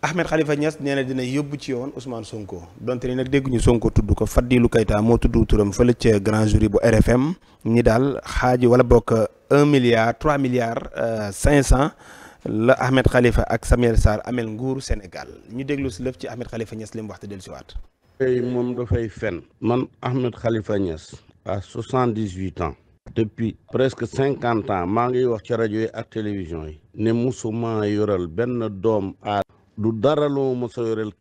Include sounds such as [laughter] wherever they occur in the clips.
Ahmed xalifa Niass nee dina yóbbu ci yoon Ousmane Sonko donte ni nag dégguñu tudd ko Fadilou Keita moo tudd turam fële ca grand jury bu RFM ñi daal xaaji wala bokk un milliard trois milliards euh, cinq cent la Ahmed Khalifa ak Samuel Sarr amel nguuru Sénégal ñu déglu si lëf ci Ahmed Khalifa Niass li mu dellu siwaat tey moom dafay fen man Ahmed Khalifa Niass à soixante dix huit ans depuis presque cinquante ans maa ngi wax ci rajo yi ak télévision yi ne musuma yoral benn doom du dara loo mos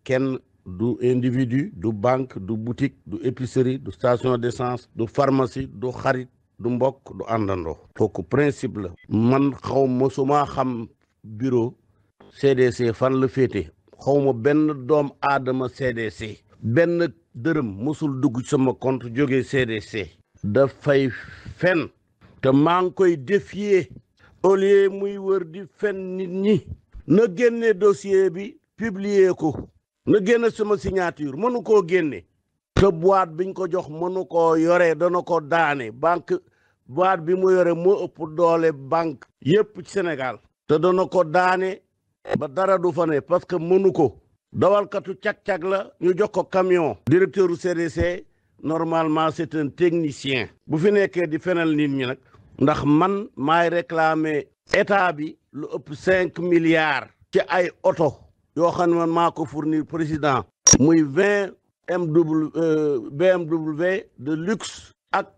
kenn du individu du banque du boutique du épicerie du de d'essence du farmasi du xarit du mbokk du àndandoo kooku principe la man xaw mosuma xam bureau CDC fan la féete xaw ma benn doom aadama CDC benn dërëm mosul dugg sama compte jógee CDC dafay fen te maa ngi koy défier au muy wër di fen nit ñi na génne dossier bi publier ko na génne sama signature mënu koo génne te bi biñ ko jox mënu koo yore dana ko daane banque boîte bi mu yore moo ëpp doole banque yëpp ci Sénégal te dana ko daane ba dara du fa ne parce que mënu ko dawalkatu cag-cag la ñu jox ko camion directeur u CDC normalement c'est un technicien bu fi nekkee di fenal nit ñi nag ndax man maay réclamer état bi lu ëpp cinq milliards ci ay oto yoo xam ne man maa ko fournir président muy vingt MW euh, BMW de luxe ak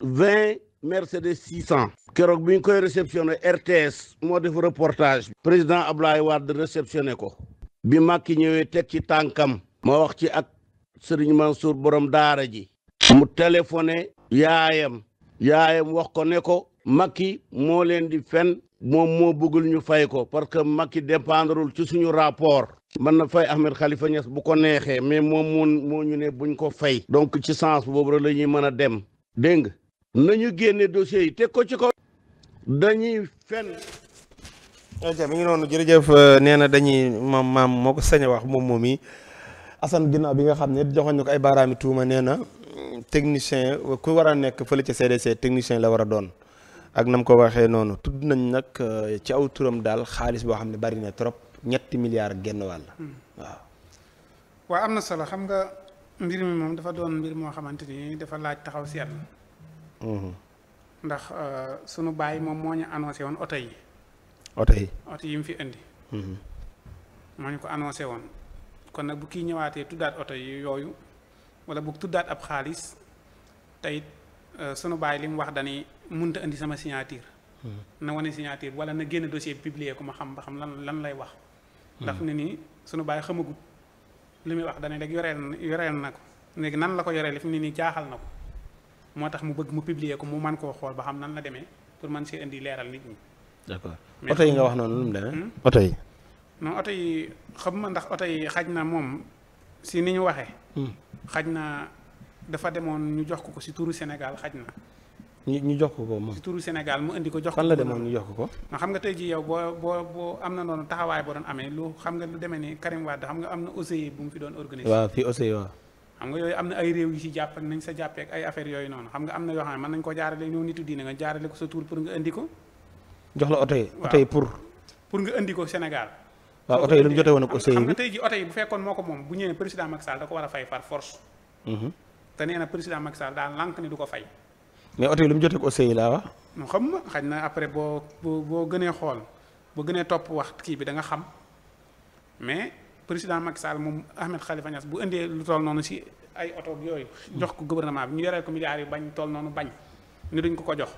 vingt Mercedes six cent keroog bi ñu koy réceptionné RTS moo def reportage président Ablaye Wade réceptionné ko bi Macky ñëwee teg ci tànkam ma wax ci ak Serigne Mansour borom daara ji mu téléphoné yaayam yaayam wax ko ne ko Macky moo leen di fen moom moo bëggul ñu fay ko parce que Macky dépendreul ci suñu rapport mën na fay Ahmed Khalifa Niass bu ko neexee mais moom moo moo ñu ne buñ ko fay donc ci sens boobu rek la ñuy mën a dem dégg nga nañu génne dossiers teg ko ci kaw dañuy fen aja mi ngi noonu jërëjëf euh, nee na dañuy maam maam moo ko sañ a wax moom moom yi Assane ginnaaw bi nga xam ne joxoon ñu ko ay baaraami tuuma nee na technicien war a nekk fële ca CDC technicien la war a doon ak nam ko waxee noonu tudd nañ nag euh, ci aw turam daal xaalis boo xam ne bari na trop ñetti milliards genn wàll. Hmm. waaw. waaw am na solo xam nga mbir mi moom dafa doon mbir moo xamante ni dafa laaj taxaw seetlu. Hmm. ndax euh, sunu baay moom moo ñu annoncé woon oto yi. oto yi oto yi mu fi indi. Hmm. moo ñu ko annoncé woon kon nag bu kiy ñëwaatee tuddaat oto yi yooyu wala bu tuddaat ab xaalis tey euh, sunu baay li wax dañuy mënut a indi sama signature. Hmm. na wane signature wala na génn dossier bi publier ko ma xam ba xam lan lan lay wax. Hmm. ndax ne ni sunu bàyyi xamagut li muy wax dana rek yoreel na yoreel na ko léegi nan la ko yoreel fi mu ne nii jaaxal na ko moo tax mu bëgg mu publier ko mu man koo xool ba xam nan la demee pour man see indi leeral nit ñi. d'accord oto yi nga wax noonu lu mu demee hmm? oto yi. non oto xam ma ndax oto yi xaj na moom si ni ñu waxee. xaj na dafa demoon ñu jox ko ko si tuuru Sénégal xaj na. ñu ñu jox ko ko moom. ci turu Sénégal mu indi ko jox ko. fan la demoon jox ko ko. xam nga tey ji yow boo boo boo am na noonu taxawaay boo doon amee lu xam nga lu deme ni Karim Wade xam nga am na OCI bu mu fi doon organisé. waaw nga yooyu am na ay réew yu ci jàpp nañ sa jàppee ay affaire yooyu noonu xam nga am na yoo xam ne mën nañ ko jaarale ñëw nitu diine nga jaarale ko sa tur pour nga indi ko. jox la oto yi oto yi pour. pour nga indi ko Sénégal. waa oto yi lu mu jote woon ak OCI bi oto yi bu fekkoon moo ko moom bu ñëwee président Macky Sall da ko war a fay par force. Mhm. nee na président Macky Sall daal lànk ni du ko fay mais oto yi lu mu jotee ko OCI laa wax. non xam nga xaj na après boo boo gënee xool boo gënee topp wax kii bi da nga xam mais président Macky Sall moom Ahmed Khalifa Niass bu indee lu noonu si ay oto yooyu. jox ko gouvernement bi ñu yoree ko milliards yi bañ toll noonu bañ ni ko ko jox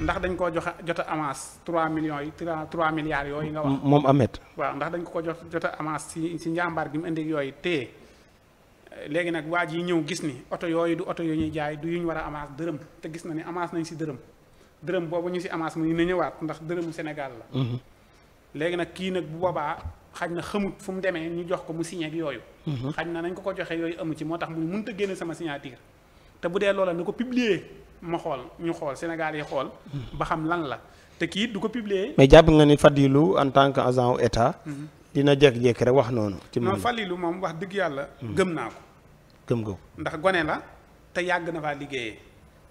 ndax dañ koo jox jot avance 3 millions yi 3 milliards yooyu nga wax. moom Ahmed. waaw ndax dañ ko ko jox jot a avance si si njàmbaar gi mu indi yooyu téye. léegi nag waa ji ñëw gis ni oto yooyu du oto yu ñuy jaay du yu ñu war a amaas dërëm te gis na ni amaas nañ si dërëm dërëm boobu ñu si amaas mu na ñëwaat ndax dërëmu Sénégal la. Mhm. léegi nag kii nag bu boobaa xaj na xamut fu mu demee ñu jox ko mu signé ak yooyu. Mhm. xaj na nañ ko ko joxee yooyu amu ci moo tax mu mënut a génne sama signature te bu dee loola na ko publier ma xool ñu xool Sénégal yi xool. Mhm. ba xam lan la te kii du ko publier. mais jàpp nga ni Fadilou en tant que agent wu état. dina jékki-jékki rek wax noonu. ci man non Fadilou moom wax dëgg yàlla gëm naa ko. gëm nga ndax gone la yàgg na faa liggéeyee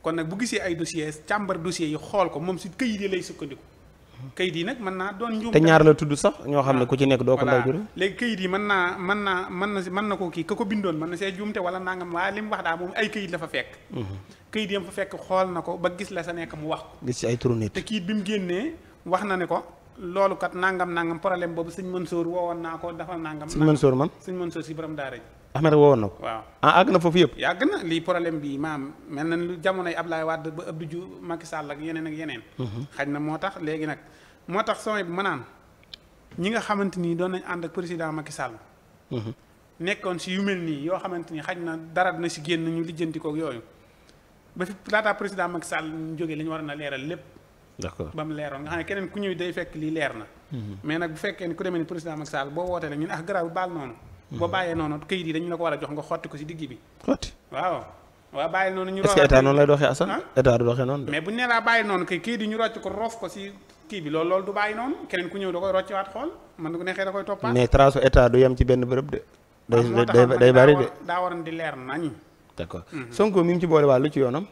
kon nag bu gisee ay dossiers càmbar dossiers yi xool ko moom si këyit yi lay sukkandiku kayit yi nag mën naa doon njuum ñaar la tudd sax ñoo xam ne ku ci nekk doo ko ndaw jur léegi kayit yi naa mën naa mën na mën na ko kii ko bindoon mën na see juumte wala nangam waaye li mu wax daa moom ay kayit la fa fekk mhm. kayit yam fa fekk xool na ko ba gis la sa nekk mu wax ko gis ci ay turu te kayit bi mu génnee wax na ne ko loolu kat nangam nangam problème boobu sëñ Mansour woowoon naa ko dafa nangam sëñ Mansour man sëñ Mansour si borom daara Ahmed woowoon na ko. waaw ah àgg na foofu yëpp. yàgg na lii problème bi maam mel na lu jamono jamonoy laay Wade ba Abdou ju Macky sàll ak yeneen ak yeneen. Mhm. xaj na moo tax léegi nag moo tax sooy bi ma naan ñi nga xamante ni doon nañ ànd président Macky Sall. Mhm. nekkoon si yu mel nii yoo xamante ni xaj na dara dina si génn ñu lijjanti koog yooyu ba fi laataa président Macky Sall ñu jógee li ñu war na leeral lépp. d'accord ba mu leeroon nga xam ne keneen ku ñëw day fekk lii leer na. Mhm. mais nag bu fekkee ni ku demee ni président Macky Sall wootee rek ñun ah baal noonu. boo hmm. bàyyee noonu këyit yi dañu la ko war a jox nga xotti ko si digg bi. xotti waaw. waaw bàyyi noonu ñu. est-ce que état noonu lay doxee Assane état ko roof ko si kii bi loolu loolu du bàyyi noonu keneen ku ñëw da koy roccewaat xool man du ko neexee da koy toppaat. mais trace état du yem ci benn bërëb de. day ah, day bari de daa waroon di leer nañ. d'accord mhm. Sonko mi mu ci boole waa lu ci yoonam.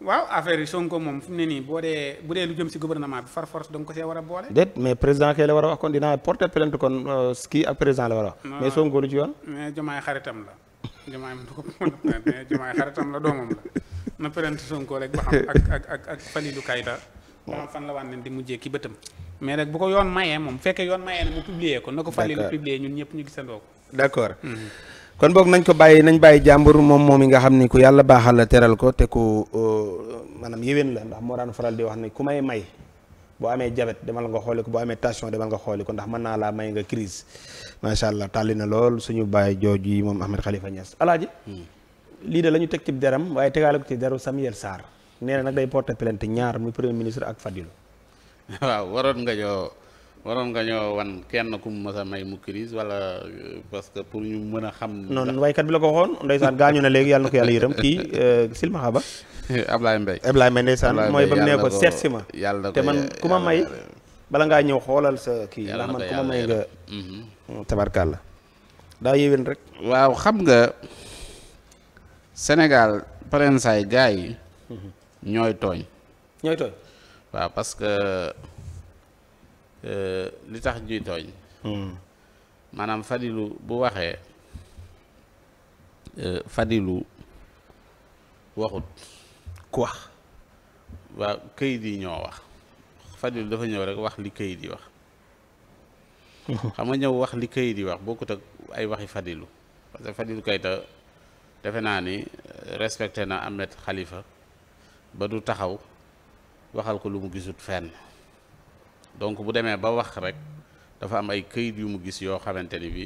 waaw affaire yi Sonko moom fu mu ne nii boo dee bu dee lu jëm si gouvernement bi far force da nga ko see war a boole. déet mais président kay la war a wax kon dinaa porter plainte kon euh, kii ak président la war a wax. mais Sonko lu ci yoon. mais Jomaay xaritam la Jomaay mu du ko mais Jomaay xaritam la doomam la na plainte Sonko rek ba xam ak ak ak ak Falilou Kayta. waaw fan la waan ne di mujjee ki bëtam. mais rek bu ko yoon mayee moom bu fekkee yoon mayee na mu publier ko. na ko Falilou publier ñun ñëpp ñu gisandoo ko. d'accord. Mhm. kon boog nañ ko bàyyi nañ bàyyi jàmbur moom moom yi nga xam ni ku yàlla baaxal la teral ko te ku euh, maanaam yéwén la ndax moo daan faral di wax ni ku may may boo amee jabet demal nga xooli ko boo amee tension demal nga xooli ko ndax mën naa laa may nga crise macha allah tàlli na lool suñu bàyyi jooju yi moom Ahmed Khalifa Niass alaaji hmm. lii de la ñu teg ci deram waaye tegaale ko ci deru Samuel saar nee na nag day porter plainte ñaar muy premier ministre ak fa [laughs] waaw waroon nga ñoo wan kenn ku mu mës a may mu crise wala euh, parce que pour ñu mën a xam. noonu waykat bi la ko waxoon ndeysaan gaañu na léegi yàlla na ko yàlla yërëm kii euh, silmaxa ba. [laughs] Ablaye Mbaye Ablaye Mbaye ndeysaan mooy ba mu nee ko seet si ma. yàlla te man ku ma may. bala ngaa ñëw xoolal sa kii. yàlla man ku ma may nga. Mhm. Mm, tabarkàlla daa yéwén rek. waaw xam nga Sénégal parensaay gars yi. Mhm. ñooy tooñ. ñooy tooñ. waaw parce Euh, li tax ñuy tooñ hmm. maanaam fadilu bu waxee euh, fadilu waxut ku wax waaw këyit yi ñoo wax fadilu dafa ñëw rek wax li këyit yi wax hmm. xam nga ñëw wax li këyit yi wax bokkut ak ay waxi fadilu parce que fadilu kayta defe naa ni euh, respecté na Ahmed xalifa ba du taxaw waxal ko lu mu gisut fenn donc bu demee ba wax rek dafa am ay këyit yu mu gis yoo xamante ni bi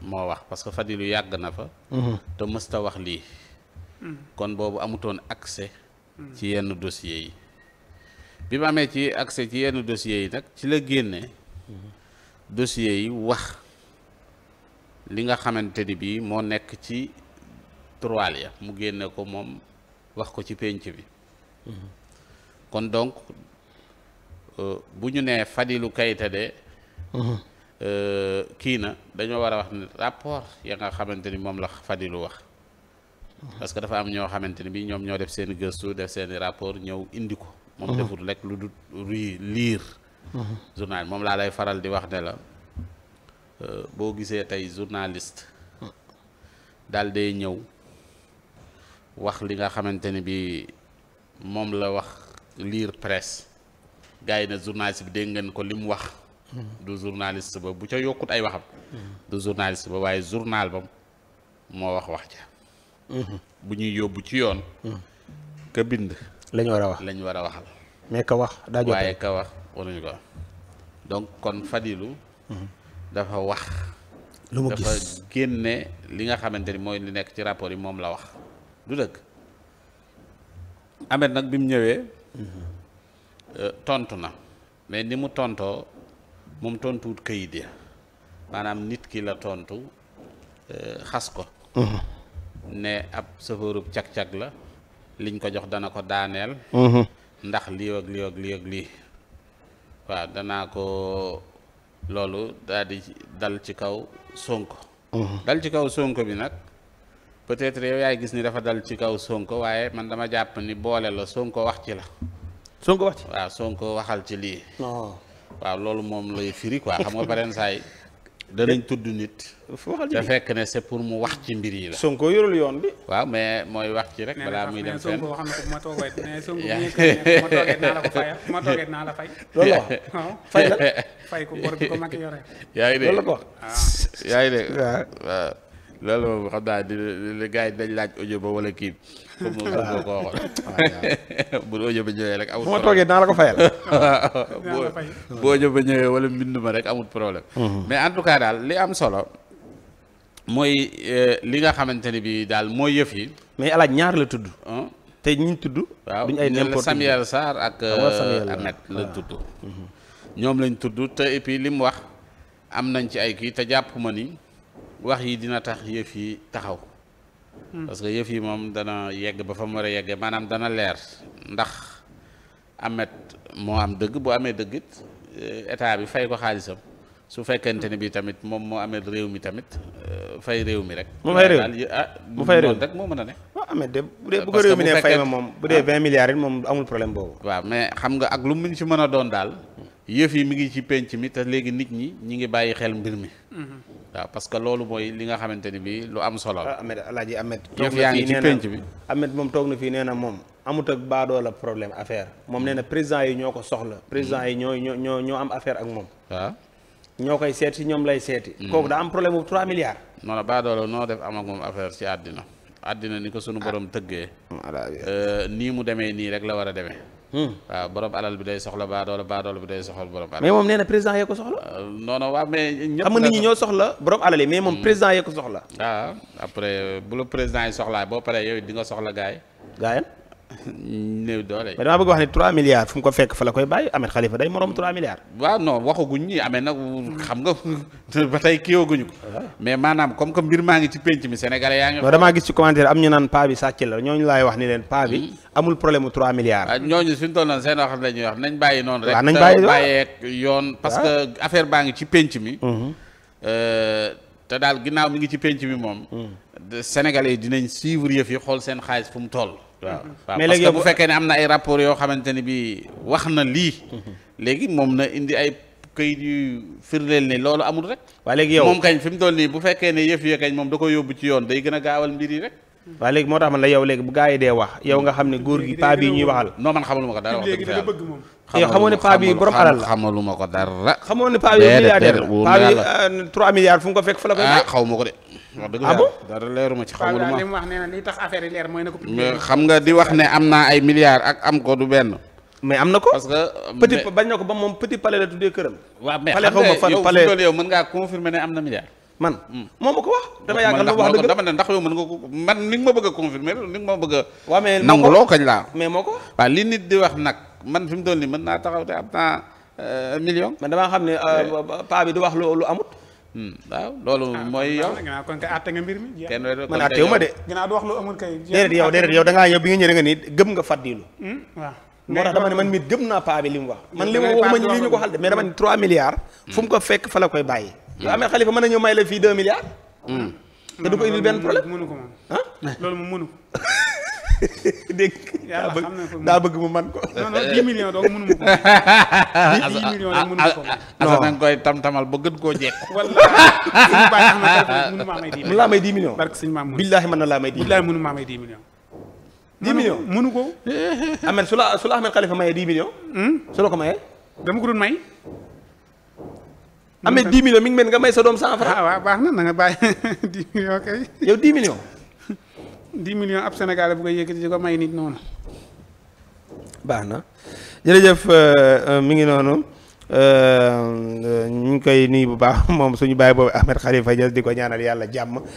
moo wax parce que Fadilu yàgg na fa mhm. te mësta wax lii mhm. kon boobu amutoon accès mhm. ci yenn dossiers yi bi mu amee ci accès ci yenn dossiers yi nag ci la génne dossiers yi wax li nga xamante ni bii moo nekk ci trois mu génne ko moom wax ko ci pénc bi kon donc Euh, bu ñu nee fadilu Keita de. Mhm. Euh, kii na dañoo war a wax rapport ya nga xamante ni moom la Fadilou wax. parce que dafa am ñoo xamante ni bi ñoom ñoo def seen i gëstu def seen i rapport ñëw indi ko. moom mhm. lu du ruy mhm. moom laa lay faral di wax ne la euh, boo gisee tey journaliste. daal day ñëw wax li nga xamante ni bi moom la wax liir presse. gars yi ne journaliste bi dégg ngeen ko li mu wax. du journaliste ba bu ca yokkut ay waxam. du journaliste ba waaye journal ba moo wax wax ja. bu ñuy yóbbu ci yoon. ka bind. lañu war a wax lañ war a waxal. mais ko wax daa jotee waaye ka wax waruñu ko donc kon Fadilou. dafa wax. lu mu gis dafa génne li nga xamante ni mooy li nekk ci rapport yi moom la wax du dëgg. Ahmed nag bi mu ñëwee. Euh, tontu na mais ni mu tontoo moom tontuwut kayit ya maanaam nit ki la tontu euh, xas ko mhm. ne ab sëfërub cag-cag la liñ ko jox dana ko daaneel mhm. ndax lii ak lii ak lii ak lii waaw danaa ko loolu daal di dal ci kaw Sonko mhm. dal ci kaw Sonko bi nag peut-être yow yaay gis ni dafa dal ci kaw Sonko waaye man dama jàpp ni boole la Sonko wax ci la Sonko wax ci waaw Sonko waxal ci lii. Oh. waaw loolu moom lay firi quoi xam nga beneen saa yi [laughs] danañ tudd nit. te fekk ne pour mu wax ci mbir yi la. Sonko yorul yoon bi. waaw mais mooy wax ci rek. balaa muy dem fenn wax na ko bu ma toogee mais Sonko [laughs] yaa ngi dégg [laughs] loolu moom xam naa di li gars yi dañ laaj ojo ba wala kii comme moom ko [laughs] bu audio ba ñëwee rek amul bu ma toogee [laughs] bu audio ba ñëwee wala mbind ma rek amul problème mhm. mais en tout cas daal li am solo mooy euh, li nga xamante ne bi daal mooy yëf yi mais alaaj ñaar la tudd te ñu tudd waaw duñ ay n'importe Samuel ak euh, Ahmed lañ tudd mhm. ñoom lañ tudd te et puis wax am nañ ci ay kii te jàpp ma wax yi dina tax yëf yi taxaw hmm. parce que yëf yi moom dana yegg ba fa mu war a yeggee maanaam dana leer ndax amet moo am dëgg bu amee dëgg it eh, bi fay ko xaalisam su fekkente ne bi tamit moom moo amee réew mi tamit eh, fay réew mi rek. mu fay réew ah, mu fay réew rek moo mën a ne. waaw amet de bu dee bu ko réew mi ne fay ma moom bu dee ah. vingt milliards it moom amul problème boobu. waaw mais xam nga ak lu mu ci mën a doon daal yëf yi mi ngi ci penc mi te léegi nit ñi ñi ngi bàyyi xel mbir mi. Hmm. waaw parce que loolu mooy li nga xamante ni bii lu am solo la. Ah, Ahmed Alaaji Ahmed. toog na fii nee na yëf yaa ci penc bi. Ahmed moom toog na fii nee na moom amut ak baadoo affaire moom nee na président yi ñoo ko soxla. président yi ñoo ñoo ñoo am affaire ak moom. Ah. ñoo koy seet si ñoom lay seeti. Hmm. kooku daa am problème bu 3 milliards. non non baadoo la noo def am ak moom affaire ci àddina. àddina ni ko sunu borom tëggee. Euh, nii mu demee nii rek la war a demee. Hmm. waaw borom alal bi day soxla baadoola baadoola bi day soxla borom alal mais moom nee na président yee ko soxla euh, non non waaw mais ñëpp xam nga nit ñi ñoo soxla borom alal yi mais moom hmm. président yee ko soxla waaw ah, après euh, bu la président yi soxlaa boo paree yow di nga soxla gaay gaayam néew doole. mais dama bëgg wax ne 3 milliards fu mu ko fekk fa la koy bàyyi Ahmed Khalifa day morom 3 milliards. waaw non waxaguñ ñi amee nag xam nga [laughs] ba tey kii wooguñu ko. Ah. mais maanaam comme que mbir maa ngi ci penc mi sénégalais yaa ngi. non damaa gis ci commentaire am ñu naan paa bi leen paa bi. Hmm. amul problème mu 3 milliards. Ah, waaw ñooñu suñu toll noonu seen yoon. parce que ah. affaire baa ngi ci penc mi. Hmm. Euh, te daal ginnaaw mi ngi ci penc mi moom. Hmm. sénégalais yi dinañ suivre yëf yi xool seen xaalis fu mu toll waaw mm-hmm. waaw parce bu fekkee ne am na ay rapport yoo xamante ne bii wax na lii mm-hmm. léegi moom na indi ay këyit yu firndeel ne loolu amul rek waa léegi yow moom kañ fi mu toll nii bu fekkee ne yëf yi kañ moom da ko yóbbu ci yoon day gën a gaawal mbir yi rek waaye léegi moo tax man la yow léegi bu gaa yi dee wax yow nga xam ne góor gi paa bii ñuy waxal non man xamaluma ko dara xamoo ne paa bi borom alal la euh, trois milliards fu mu fekk fa la koy ah xaw ma ko de wax dëgg ah yàlla dara leeruma ci xaw ma lu ma wax nee na li tax affaire yi leer mooy na ko xam nga di wax ne am naa ay milliards ak am ko du benn mais na ko parce que bañ na ko ba moom petit palais la tuddee këram waaw mais palais xaw ma fan palais yow mën ngaa confirmer ne am na man hmm. moom ma ko wax dama yaakaar wax dëgg dama ne ndax yow mën ko man ni ma bëgg a confirmer ni nga ma bëgg a waaw laa mais moo ko waaw di wax nag man fi mu doon nii mën naa taxaw te am naa euh, xam ne euh, paa bi du wax lu amut hmm, waaw loolu ah, mooy yow kon kay àtte nga mbir mi man àtte ma de ginnaaw du wax lu amul kay déedéet yow déedéet yow da ngaa hmm, gëm naa paa bi li mu wax man li ma waxuma li ñu ko xal de mais dama ne 3 milliards fu ko fekk fa la koy bàyyi yow Ahmed Khalifa mën na ñëw may la fii deux milliards. Hmm. te du ko indil benn problème mënu ko moom loolu moom mënu ko. [laughs] dégg daa bëgg mu man ko. non non dix millions donc mënu ma ko. [laughs] koy tam-tamal ba gën koo jekk. [laughs] wallaahi. mënu maa may dix millions. mënu laa may dix millions. barke sëñ maam billaahi na laa may dix millions. billaahi mënu maa may dix millions. dix ko. Ahmed su la su la Ahmed Khalifa mayee dix millions. Hmm? su la ko mayee. dama ko doon may. amee ah, 10 millions mi ngi mel nga may sa doom 100 francs. ah waaw baax na na nga bàyyi 10 [laughs] millions kay. yow 10 millions. 10 [laughs] millions ab Sénégalais bu koy yëkkati di ko may nit noonu. baax na jërëjëf euh, euh, mi ngi noonu. Euh, ñu ngi koy nuyu bu baax [laughs] moom suñu bàyyi boobu Ahmed Khalifa Niass di ko ñaanal yàlla jàmm.